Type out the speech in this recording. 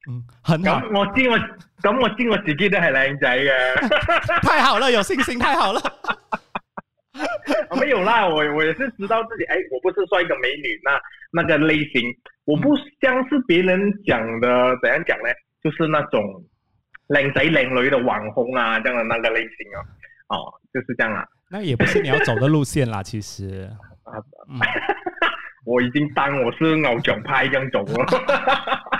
咁、嗯、我知我咁我知我自己都係靚仔嘅， 太好了，有信心，太好了。咁 有啦，我我也是知道自己，哎、欸，我不是帥哥美女那、啊、那個類型，我不像是別人講的，怎樣講呢？就是那種靚仔靚女的網紅啊，這樣的那個類型哦、啊，哦，就是這樣啦、啊。那也不是你要走的路線啦， 其實，啊嗯、 我已經當我是偶像派咁走啦。